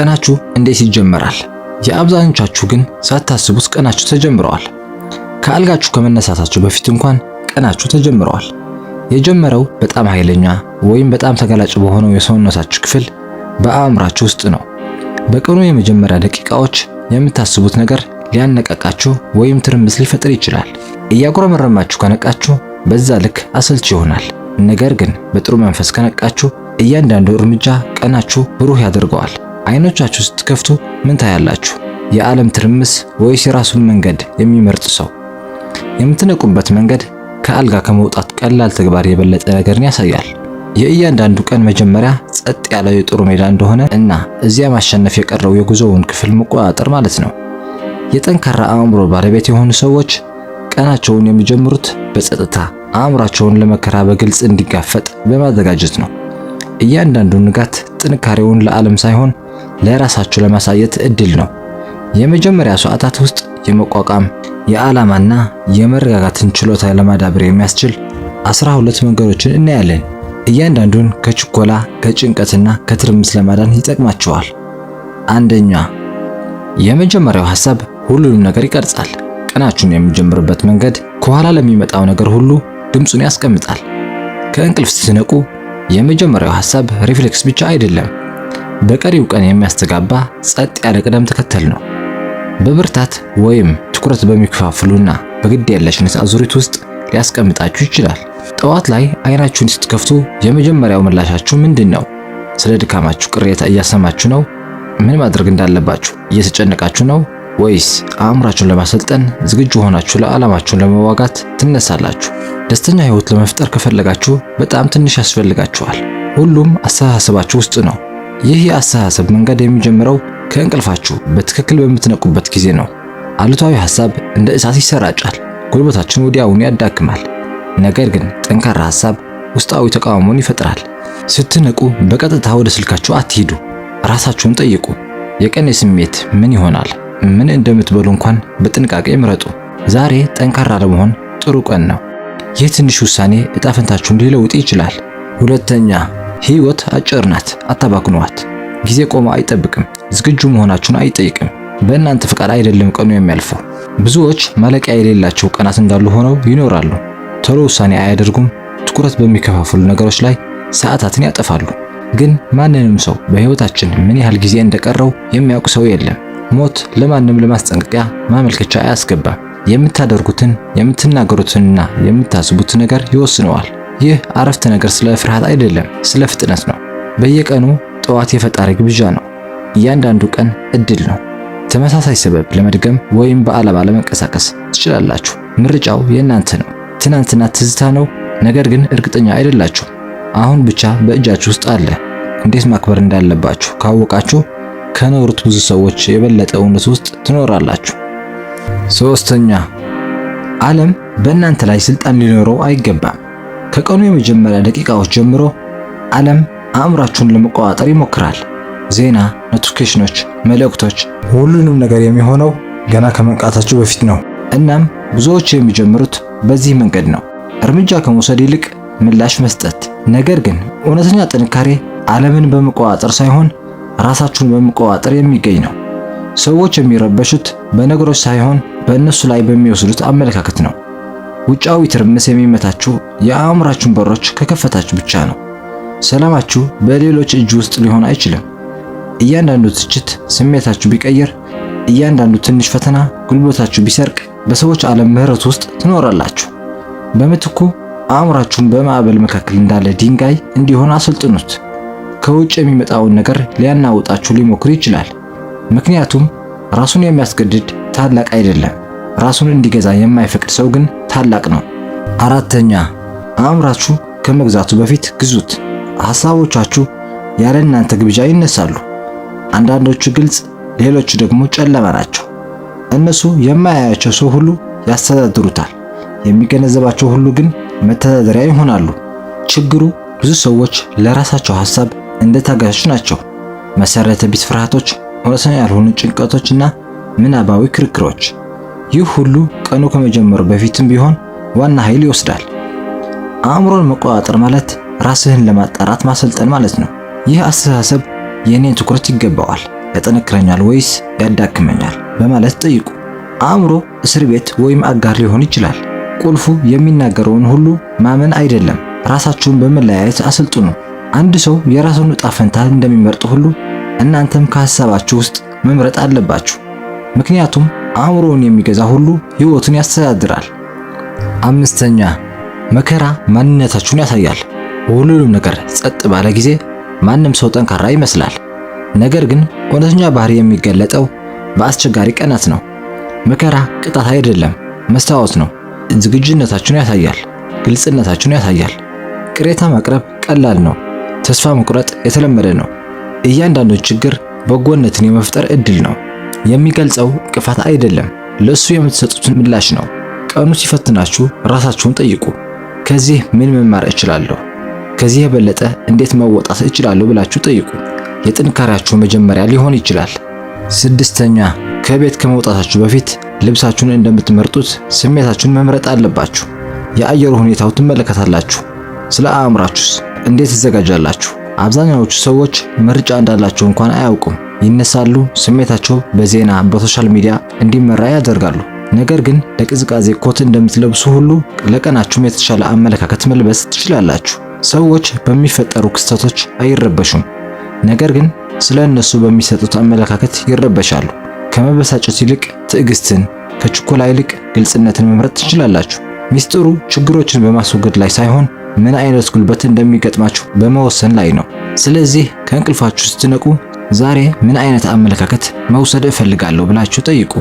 ቀናችሁ እንዴት ይጀመራል? የአብዛኞቻችሁ ግን ሳታስቡት ቀናችሁ ተጀምረዋል። ከአልጋችሁ ከመነሳታችሁ በፊት እንኳን ቀናችሁ ተጀምረዋል። የጀመረው በጣም ኃይለኛ ወይም በጣም ተጋላጭ በሆነው የሰውነታችሁ ክፍል በአእምራችሁ ውስጥ ነው። በቀኑ የመጀመሪያ ደቂቃዎች የምታስቡት ነገር ሊያነቃቃችሁ ወይም ትርምስ ሊፈጥር ይችላል። እያጉረመረማችሁ ከነቃችሁ በዛ ልክ አሰልች ይሆናል። ነገር ግን በጥሩ መንፈስ ከነቃችሁ እያንዳንዱ እርምጃ ቀናችሁ ብሩህ ያደርገዋል። አይኖቻችሁ ስትከፍቱ ምን ታያላችሁ? የዓለም ትርምስ ወይስ የራሱን መንገድ የሚመርጥ ሰው? የምትነቁበት መንገድ ከአልጋ ከመውጣት ቀላል ተግባር የበለጠ ነገርን ያሳያል። የእያንዳንዱ ቀን መጀመሪያ ጸጥ ያለው የጦር ሜዳ እንደሆነ እና እዚያ ማሸነፍ የቀረው የጉዞውን ክፍል መቆጣጠር ማለት ነው። የጠንካራ አእምሮ ባለቤት የሆኑ ሰዎች ቀናቸውን የሚጀምሩት በጸጥታ አእምሯቸውን ለመከራ በግልጽ እንዲጋፈጥ በማዘጋጀት ነው። እያንዳንዱ ንጋት ጥንካሬውን ለዓለም ሳይሆን ለራሳችሁ ለማሳየት እድል ነው። የመጀመሪያ ሰዓታት ውስጥ የመቋቋም የዓላማና የመረጋጋትን ችሎታ ለማዳበር የሚያስችል አስራ ሁለት መንገዶችን እናያለን። እያንዳንዱን ከችኮላ ከጭንቀትና ከትርምስ ለማዳን ይጠቅማቸዋል። አንደኛ፣ የመጀመሪያው ሐሳብ ሁሉንም ነገር ይቀርጻል። ቀናችሁን የሚጀምርበት መንገድ ከኋላ ለሚመጣው ነገር ሁሉ ድምፁን ያስቀምጣል። ከእንቅልፍ ስትነቁ የመጀመሪያው ሐሳብ ሪፍሌክስ ብቻ አይደለም በቀሪው ቀን የሚያስተጋባ ጸጥ ያለ ቅደም ተከተል ነው። በብርታት ወይም ትኩረት በሚከፋፍሉና በግድ የለሽነት አዙሪት ውስጥ ሊያስቀምጣችሁ ይችላል። ጠዋት ላይ አይናችሁን ስትከፍቱ የመጀመሪያው ምላሻችሁ ምንድን ነው? ስለ ድካማችሁ ቅሬታ እያሰማችሁ ነው? ምን ማድረግ እንዳለባችሁ እየተጨነቃችሁ ነው? ወይስ አእምራችሁን ለማሰልጠን ዝግጁ ሆናችሁ ለዓላማችሁን ለመዋጋት ትነሳላችሁ? ደስተኛ ህይወት ለመፍጠር ከፈለጋችሁ በጣም ትንሽ ያስፈልጋችኋል። ሁሉም አስተሳሰባችሁ ውስጥ ነው። ይህ የአስተሳሰብ መንገድ የሚጀምረው ከእንቅልፋችሁ በትክክል በምትነቁበት ጊዜ ነው። አሉታዊ ሐሳብ እንደ እሳት ይሰራጫል፣ ጉልበታችን ወዲያውኑ ያዳክማል። ነገር ግን ጠንካራ ሐሳብ ውስጣዊ ተቃውሞን ይፈጥራል። ስትነቁ በቀጥታ ወደ ስልካችሁ አትሂዱ። ራሳችሁን ጠይቁ። የቀኔ ስሜት ምን ይሆናል? ምን እንደምትበሉ እንኳን በጥንቃቄ ምረጡ። ዛሬ ጠንካራ ለመሆን ጥሩ ቀን ነው። ይህ ትንሽ ውሳኔ እጣፈንታችሁን ሊለውጥ ይችላል። ሁለተኛ ህይወት አጭር ናት፣ አታባክኗት። ጊዜ ቆመ አይጠብቅም፣ ዝግጁ መሆናችሁን አይጠይቅም። በእናንተ ፍቃድ አይደለም ቀኑ የሚያልፈው። ብዙዎች ማለቂያ የሌላቸው ቀናት እንዳሉ ሆነው ይኖራሉ። ቶሎ ውሳኔ አያደርጉም። ትኩረት በሚከፋፍሉ ነገሮች ላይ ሰዓታትን ያጠፋሉ። ግን ማንንም ሰው በህይወታችን ምን ያህል ጊዜ እንደቀረው የሚያውቅ ሰው የለም። ሞት ለማንም ለማስጠንቀቂያ ማመልከቻ አያስገባም። የምታደርጉትን የምትናገሩትንና የምታስቡት ነገር ይወስነዋል። ይህ አረፍተ ነገር ስለ ፍርሃት አይደለም፣ ስለ ፍጥነት ነው። በየቀኑ ጠዋት የፈጣሪ ግብዣ ነው። እያንዳንዱ ቀን እድል ነው። ተመሳሳይ ሰበብ ለመድገም ወይም በዓላማ ለመንቀሳቀስ ትችላላችሁ። ምርጫው የእናንተ ነው። ትናንትና ትዝታ ነው፣ ነገር ግን እርግጠኛ አይደላችሁ። አሁን ብቻ በእጃችሁ ውስጥ አለ። እንዴት ማክበር እንዳለባችሁ ካወቃችሁ ከኖሩት ብዙ ሰዎች የበለጠ እውነት ውስጥ ትኖራላችሁ። ሶስተኛ ዓለም በእናንተ ላይ ስልጣን ሊኖረው አይገባም። ከቀኑ የመጀመሪያ ደቂቃዎች ጀምሮ ዓለም አእምራችሁን ለመቆጣጠር ይሞክራል። ዜና፣ ኖቲፊኬሽኖች፣ መልእክቶች፣ ሁሉንም ነገር የሚሆነው ገና ከመንቃታችሁ በፊት ነው። እናም ብዙዎች የሚጀምሩት በዚህ መንገድ ነው፣ እርምጃ ከመውሰድ ይልቅ ምላሽ መስጠት። ነገር ግን እውነተኛ ጥንካሬ ዓለምን በመቆጣጠር ሳይሆን ራሳችሁን በመቆጣጠር የሚገኝ ነው። ሰዎች የሚረበሹት በነገሮች ሳይሆን በእነሱ ላይ በሚወስዱት አመለካከት ነው። ውጫዊ ትርምስ የሚመታችሁ የአእምራችሁን በሮች ከከፈታችሁ ብቻ ነው። ሰላማችሁ በሌሎች እጅ ውስጥ ሊሆን አይችልም። እያንዳንዱ ትችት ስሜታችሁ ቢቀይር፣ እያንዳንዱ ትንሽ ፈተና ጉልበታችሁ ቢሰርቅ፣ በሰዎች ዓለም ምህረት ውስጥ ትኖራላችሁ። በምትኩ አእምራችሁን በማዕበል መካከል እንዳለ ድንጋይ እንዲሆን አሰልጥኑት። ከውጭ የሚመጣውን ነገር ሊያናውጣችሁ ሊሞክር ይችላል፣ ምክንያቱም ራሱን የሚያስገድድ ታላቅ አይደለም። ራሱን እንዲገዛ የማይፈቅድ ሰው ግን ታላቅ ነው። አራተኛ አእምራችሁ ከመግዛቱ በፊት ግዙት። ሐሳቦቻችሁ ያለ እናንተ ግብዣ ይነሳሉ። አንዳንዶቹ ግልጽ፣ ሌሎቹ ደግሞ ጨለማ ናቸው። እነሱ የማያያቸው ሰው ሁሉ ያስተዳድሩታል፣ የሚገነዘባቸው ሁሉ ግን መተዳደሪያ ይሆናሉ። ችግሩ ብዙ ሰዎች ለራሳቸው ሐሳብ እንደ ታጋሾች ናቸው። መሰረተ ቢስ ፍርሃቶች፣ እውነተኛ ያልሆኑ ጭንቀቶች እና ምናባዊ ክርክሮች ይህ ሁሉ ቀኑ ከመጀመሩ በፊትም ቢሆን ዋና ኃይል ይወስዳል። አእምሮን መቆጣጠር ማለት ራስህን ለማጣራት ማሰልጠን ማለት ነው። ይህ አስተሳሰብ የእኔን ትኩረት ይገባዋል፣ ያጠነክረኛል ወይስ ያዳክመኛል በማለት ጠይቁ። አእምሮ እስር ቤት ወይም አጋር ሊሆን ይችላል። ቁልፉ የሚናገረውን ሁሉ ማመን አይደለም። ራሳችሁን በመለያየት አሰልጥኑ። አንድ ሰው የራሱን ዕጣ ፈንታ እንደሚመርጥ ሁሉ እናንተም ከሐሳባችሁ ውስጥ መምረጥ አለባችሁ። ምክንያቱም አእምሮውን የሚገዛ ሁሉ ህይወቱን ያስተዳድራል። አምስተኛ መከራ ማንነታችሁን ያሳያል። ሁሉንም ነገር ጸጥ ባለ ጊዜ ማንም ሰው ጠንካራ ይመስላል። ነገር ግን እውነተኛ ባህሪ የሚገለጠው በአስቸጋሪ ቀናት ነው። መከራ ቅጣት አይደለም፣ መስታወት ነው። ዝግጁነታችሁን ያሳያል። ግልጽነታችሁን ያሳያል። ቅሬታ ማቅረብ ቀላል ነው። ተስፋ መቁረጥ የተለመደ ነው። እያንዳንዱ ችግር በጎነትን የመፍጠር እድል ነው። የሚገልጸው ቅፋት አይደለም፣ ለእሱ የምትሰጡትን ምላሽ ነው። ቀኑ ሲፈትናችሁ ራሳችሁን ጠይቁ። ከዚህ ምን መማር እችላለሁ? ከዚህ የበለጠ እንዴት መወጣት እችላለሁ? ብላችሁ ጠይቁ። የጥንካሬያችሁ መጀመሪያ ሊሆን ይችላል። ስድስተኛ ከቤት ከመውጣታችሁ በፊት ልብሳችሁን እንደምትመርጡት ስሜታችሁን መምረጥ አለባችሁ። የአየሩ ሁኔታው ትመለከታላችሁ። ስለ አእምራችሁስ እንዴት ትዘጋጃላችሁ? አብዛኛዎቹ ሰዎች ምርጫ እንዳላቸው እንኳን አያውቁም። ይነሳሉ፣ ስሜታቸው በዜና በሶሻል ሚዲያ እንዲመራ ያደርጋሉ። ነገር ግን ለቅዝቃዜ ኮት እንደምትለብሱ ሁሉ ለቀናችሁም የተሻለ አመለካከት መልበስ ትችላላችሁ። ሰዎች በሚፈጠሩ ክስተቶች አይረበሹም፣ ነገር ግን ስለ እነሱ በሚሰጡት አመለካከት ይረበሻሉ። ከመበሳጨት ይልቅ ትዕግስትን፣ ከችኮላ ይልቅ ግልጽነትን መምረጥ ትችላላችሁ። ሚስጥሩ ችግሮችን በማስወገድ ላይ ሳይሆን ምን አይነት ጉልበት እንደሚገጥማችሁ በመወሰን ላይ ነው። ስለዚህ ከእንቅልፋችሁ ስትነቁ ዛሬ ምን አይነት አመለካከት መውሰድ እፈልጋለሁ ብላችሁ ጠይቁ።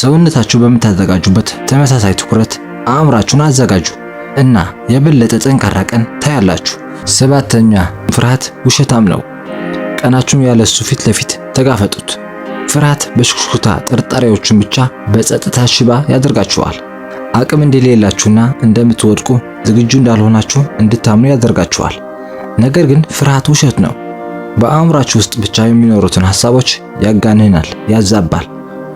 ሰውነታችሁ በምታዘጋጁበት ተመሳሳይ ትኩረት አእምራችሁን አዘጋጁ እና የበለጠ ጠንካራ ቀን ታያላችሁ። ሰባተኛ ፍርሃት ውሸታም ነው። ቀናችሁን ያለሱ ፊት ለፊት ተጋፈጡት። ፍርሃት በሽኩሽኩታ ጥርጣሬዎችን ብቻ በጸጥታ ሽባ ያደርጋችኋል። አቅም እንደሌላችሁና እንደምትወድቁ ዝግጁ እንዳልሆናችሁ እንድታምኑ ያደርጋችኋል። ነገር ግን ፍርሃት ውሸት ነው። በአምራች ውስጥ ብቻ የሚኖሩትን ሐሳቦች ያጋንናል፣ ያዛባል፣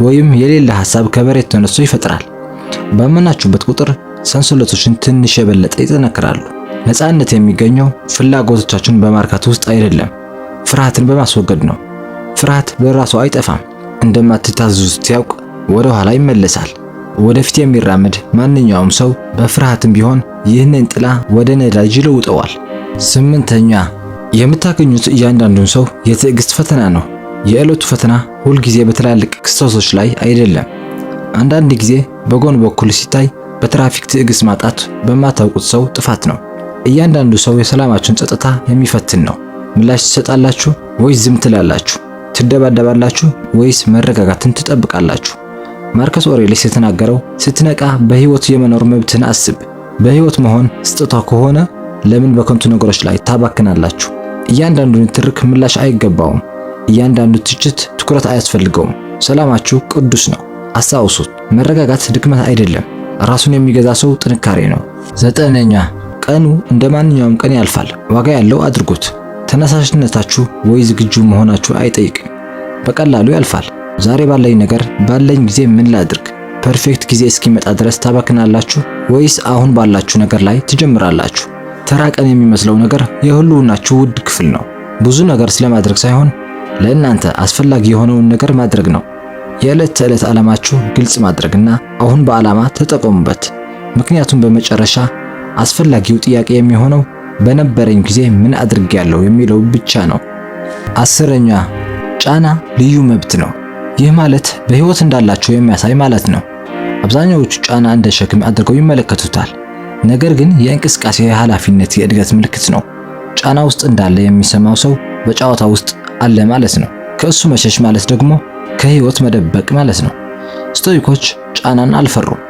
ወይም የሌለ ሐሳብ ከመሬት ተነስቶ ይፈጥራል። ባመናችሁበት ቁጥር ሰንሰለቶችን ትንሽ የበለጠ ይጠነክራሉ። ነፃነት የሚገኘው ፍላጎቶቻችን በማርካት ውስጥ አይደለም፣ ፍርሃትን በማስወገድ ነው። ፍርሃት በራሱ አይጠፋም። እንደማትታዘዙት ሲያውቅ ወደ ኋላ ይመለሳል። ወደፊት የሚራመድ ማንኛውም ሰው በፍርሃትም ቢሆን ይህንን ጥላ ወደ ነዳጅ ይለውጠዋል። ስምንተኛ የምታገኙት እያንዳንዱን ሰው የትዕግስት ፈተና ነው። የዕለቱ ፈተና ሁልጊዜ በትላልቅ ክስተቶች ላይ አይደለም። አንዳንድ ጊዜ በጎን በኩል ሲታይ በትራፊክ ትዕግስት ማጣት በማታውቁት ሰው ጥፋት ነው። እያንዳንዱ ሰው የሰላማችን ጸጥታ የሚፈትን ነው። ምላሽ ትሰጣላችሁ ወይስ ዝም ትላላችሁ? ትደባደባላችሁ ወይስ መረጋጋትን ትጠብቃላችሁ? ማርከስ ኦሬሌስ የተናገረው ስትነቃ በህይወት የመኖር መብትን አስብ። በህይወት መሆን ስጦታ ከሆነ ለምን በከንቱ ነገሮች ላይ ታባክናላችሁ? እያንዳንዱ ንትርክ ምላሽ አይገባውም። እያንዳንዱ ትችት ትኩረት አያስፈልገውም። ሰላማችሁ ቅዱስ ነው። አስታውሱት፣ መረጋጋት ድክመት አይደለም፣ ራሱን የሚገዛ ሰው ጥንካሬ ነው። ዘጠነኛ ቀኑ እንደ ማንኛውም ቀን ያልፋል። ዋጋ ያለው አድርጉት። ተነሳሽነታችሁ ወይ ዝግጁ መሆናችሁ አይጠይቅም። በቀላሉ ያልፋል። ዛሬ ባለኝ ነገር ባለኝ ጊዜ ምን ላድርግ? ፐርፌክት ጊዜ እስኪመጣ ድረስ ታባክናላችሁ ወይስ አሁን ባላችሁ ነገር ላይ ትጀምራላችሁ? ተራቀን የሚመስለው ነገር የህልውናችሁ ውድ ክፍል ነው። ብዙ ነገር ስለማድረግ ሳይሆን ለእናንተ አስፈላጊ የሆነውን ነገር ማድረግ ነው። የዕለት ተዕለት ዓላማችሁ ግልጽ ማድረግና አሁን በዓላማ ተጠቀሙበት። ምክንያቱም በመጨረሻ አስፈላጊው ጥያቄ የሚሆነው በነበረኝ ጊዜ ምን አድርጌያለሁ የሚለው ብቻ ነው። አስረኛ ጫና ልዩ መብት ነው። ይህ ማለት በህይወት እንዳላችሁ የሚያሳይ ማለት ነው። አብዛኛዎቹ ጫና እንደ ሸክም አድርገው ይመለከቱታል። ነገር ግን የእንቅስቃሴ ኃላፊነት የእድገት ምልክት ነው። ጫና ውስጥ እንዳለ የሚሰማው ሰው በጨዋታ ውስጥ አለ ማለት ነው። ከእሱ መሸሽ ማለት ደግሞ ከህይወት መደበቅ ማለት ነው። ስቶይኮች ጫናን አልፈሩም።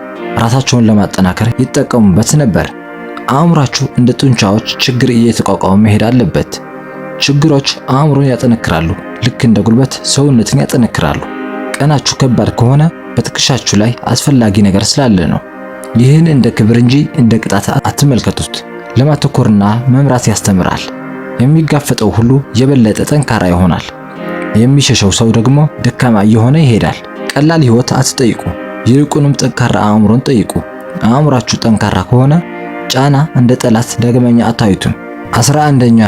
ራሳቸውን ለማጠናከር ይጠቀሙበት ነበር። አእምሯችሁ እንደ ጡንቻዎች ችግር እየተቋቋመ መሄድ አለበት። ችግሮች አእምሮን ያጠነክራሉ፣ ልክ እንደ ጉልበት ሰውነትን ያጠነክራሉ። ቀናችሁ ከባድ ከሆነ በትከሻችሁ ላይ አስፈላጊ ነገር ስላለ ነው። ይህን እንደ ክብር እንጂ እንደ ቅጣት አትመልከቱት። ለማተኮርና መምራት ያስተምራል። የሚጋፈጠው ሁሉ የበለጠ ጠንካራ ይሆናል። የሚሸሸው ሰው ደግሞ ደካማ እየሆነ ይሄዳል። ቀላል ህይወት አትጠይቁ፣ ይልቁንም ጠንካራ አእምሮን ጠይቁ። አእምሯችሁ ጠንካራ ከሆነ ጫና እንደ ጠላት ዳግመኛ አታዩትም። አስራ አንደኛ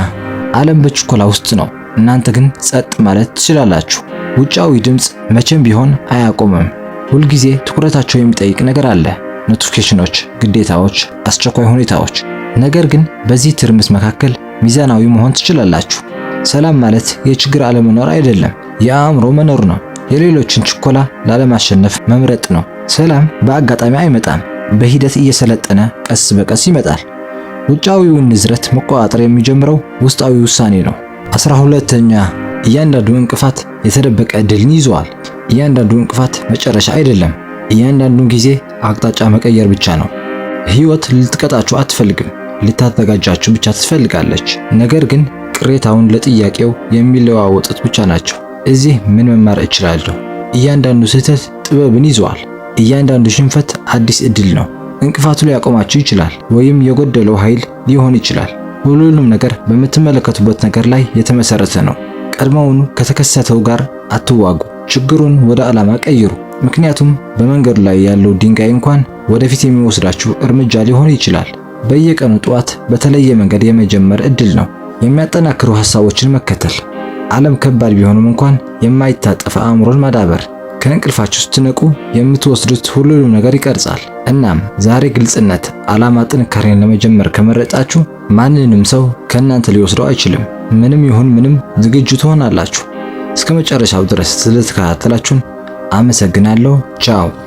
ዓለም በችኮላ ውስጥ ነው። እናንተ ግን ጸጥ ማለት ትችላላችሁ። ውጫዊ ድምፅ መቼም ቢሆን አያቆምም። ሁልጊዜ ትኩረታቸው የሚጠይቅ ነገር አለ። ኖቲፊኬሽኖች፣ ግዴታዎች፣ አስቸኳይ ሁኔታዎች። ነገር ግን በዚህ ትርምስ መካከል ሚዛናዊ መሆን ትችላላችሁ። ሰላም ማለት የችግር አለመኖር አይደለም፣ የአእምሮ መኖር ነው። የሌሎችን ችኮላ ላለማሸነፍ መምረጥ ነው። ሰላም በአጋጣሚ አይመጣም፣ በሂደት እየሰለጠነ ቀስ በቀስ ይመጣል። ውጫዊውን ንዝረት መቆጣጠር የሚጀምረው ውስጣዊ ውሳኔ ነው። አስራ ሁለተኛ እያንዳንዱ እንቅፋት የተደበቀ ድልን ይዘዋል። እያንዳንዱ እንቅፋት መጨረሻ አይደለም፣ እያንዳንዱን ጊዜ አቅጣጫ መቀየር ብቻ ነው። ህይወት ልትቀጣችሁ አትፈልግም፣ ልታዘጋጃችሁ ብቻ ትፈልጋለች። ነገር ግን ቅሬታውን ለጥያቄው የሚለዋወጡት ብቻ ናቸው። እዚህ ምን መማር እችላለሁ? እያንዳንዱ ስህተት ጥበብን ይዘዋል። እያንዳንዱ ሽንፈት አዲስ እድል ነው። እንቅፋቱ ሊያቆማችሁ ይችላል፣ ወይም የጎደለው ኃይል ሊሆን ይችላል። ሁሉንም ነገር በምትመለከቱበት ነገር ላይ የተመሰረተ ነው። ቀድሞውኑ ከተከሰተው ጋር አትዋጉ። ችግሩን ወደ ዓላማ ቀይሩ። ምክንያቱም በመንገዱ ላይ ያለው ድንጋይ እንኳን ወደፊት የሚወስዳችሁ እርምጃ ሊሆን ይችላል። በየቀኑ ጠዋት በተለየ መንገድ የመጀመር እድል ነው። የሚያጠናክሩ ሐሳቦችን መከተል፣ ዓለም ከባድ ቢሆንም እንኳን የማይታጠፍ አእምሮን ማዳበር፣ ከእንቅልፋችሁ ስትነቁ የምትወስዱት ሁሉንም ነገር ይቀርጻል። እናም ዛሬ ግልጽነት፣ ዓላማ፣ ጥንካሬን ለመጀመር ከመረጣችሁ ማንንም ሰው ከእናንተ ሊወስደው አይችልም። ምንም ይሁን ምንም ዝግጁ ትሆናላችሁ። እስከ መጨረሻው ድረስ ስለተከታተላችሁን አመሰግናለሁ። ቻው